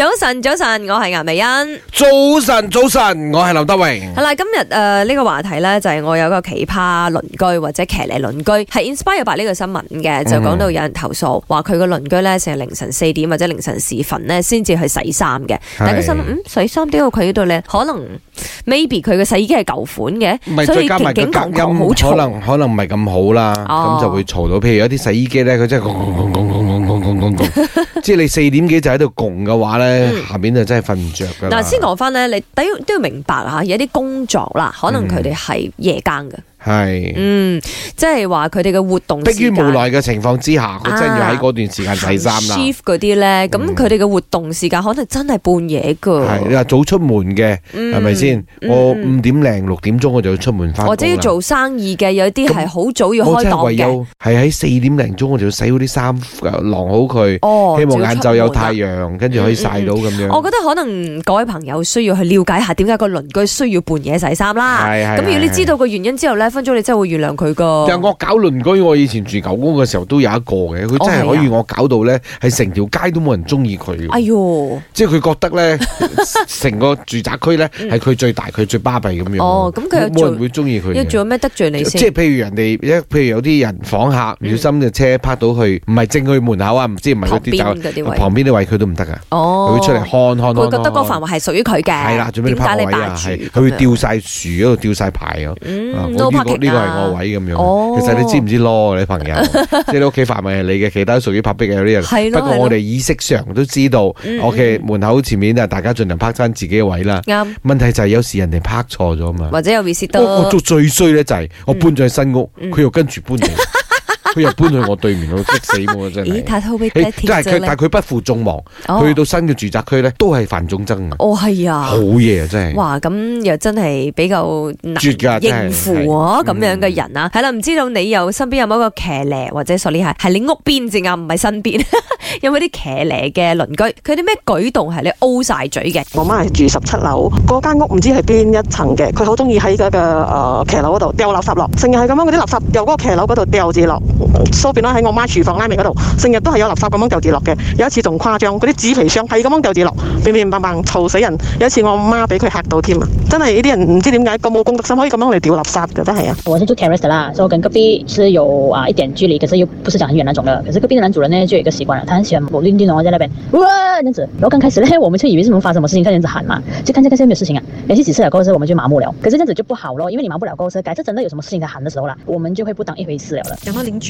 早晨，早晨，我係顏美欣。早晨，早晨，我係劉德榮。係啦， 今日誒呢個話題咧就係、是、我有一個奇葩鄰居或者騎嚟鄰居，係 Inspire by 呢個新聞嘅，就講到有人投訴話佢個鄰居咧成日凌晨四點或者凌晨時分咧先至去洗衫嘅。但佢心諗，嗯，洗衫點解佢呢度咧可能 maybe 佢嘅洗衣機係舊款嘅，所以加埋個隔音好嘈，可能可能唔係咁好啦，咁、哦、就會嘈到，譬如有啲洗衣機咧，佢真係。冷冷冷 共共共，即係你四點幾就喺度共嘅話咧，下面就真係瞓唔着噶。嗱、嗯，但先講翻咧，你都要明白吓，有啲工作啦，可能佢哋係夜間嘅。嗯係，嗯，即係話佢哋嘅活動時，迫於無奈嘅情況之下，啊、我真係要喺嗰段時間洗衫啦。Chief 嗰啲咧，咁佢哋嘅活動時間可能真係半夜噶。係，早出門嘅，係咪先？我五點零六點鐘我就要出門翻。或者要做生意嘅，有啲係好早要開檔嘅。係喺四點零鐘，我就要洗好啲衫，晾好佢。哦，希望晏晝有太陽，跟、嗯、住可以曬到咁樣、嗯嗯。我覺得可能各位朋友需要去了解下，點解個鄰居需要半夜洗衫啦？係係。咁如果你知道個原因之後咧。一分鐘你真係會原諒佢噶？但、就是、惡搞鄰居，我以前住九宮嘅時候都有一個嘅，佢真係可以惡搞到咧，係成條街都冇人中意佢。Okay? 哎喲！即係佢覺得咧，成 個住宅區咧係佢最大，佢、嗯、最巴閉咁樣。哦，咁佢冇人會中意佢。又做咩得罪你先？即係譬如人哋，譬如有啲人訪客，唔小心嘅車泊到佢唔係去，唔係正佢門口啊，唔、嗯、知唔係嗰啲就旁邊啲位置，佢都唔得噶。哦，佢出嚟看看咯。佢覺得嗰個範圍係屬於佢嘅。係啦，做咩泊位你、嗯嗯、啊？係佢會吊晒樹嗰度，吊晒牌啊。呢、這個係、這個、我位咁樣、哦，其實你知唔知咯？你朋友即係 你屋企範圍係你嘅，其他都屬於拍壁嘅有啲人。不過我哋意識上都知道，OK，門口前面啊、嗯，大家盡量拍翻自己嘅位啦。啱、嗯。問題就係有時人哋拍錯咗嘛，或者有 v i 都、哦。我做最衰咧就係我搬咗去新屋，佢、嗯、又跟住搬咗。嗯 佢 又搬去我對面度，激死我真係，真、 欸、但係佢不負眾望、哦，去到新嘅住宅區咧，都係繁種憎嘅。哦，係啊，好嘢啊，真係。哇，咁又真係比較難應付啊，咁樣嘅人啊，係、嗯、啦，唔知道你有身邊有冇一個騎呢或者 Sorry？係你屋邊至啊，唔係身邊 有冇啲騎呢嘅鄰居？佢啲咩舉動係你 O 曬嘴嘅？我媽係住十七樓，嗰間屋唔知係邊一層嘅，佢好中意喺嗰個誒、呃、騎樓嗰度丟垃圾落，成日係咁樣嗰啲垃圾由嗰個騎樓嗰度掉住落。收變咗喺我媽廚房拉面嗰度，成日都係有垃圾咁樣掉字落嘅。有一次仲誇張，嗰啲紙皮箱係咁樣掉字落，乒乒乓乓嘈死人。有一次我媽俾佢吓到添啊！真係呢啲人唔知點解咁冇公德心，可以咁樣嚟丟垃圾嘅，真係啊！我係做 carers 啦，所以跟隔壁是有啊一點距離，其實又不是咁遠嗰種嘅。可是隔壁嘅男主人呢就有一個習慣了，他很喜歡冇拎拎龍在那邊哇，這樣子。然後剛開始呢，我們就以為是冇發生什麼事情，看樣子喊嘛，就看一下看下有冇事情啊。連續幾次有過後，我們就麻木了。可是這樣子就不好咯，因為你麻木了過後，假設真的有什麼事情，在喊的時候啦，我們就會不當一回事了。講到鄰居。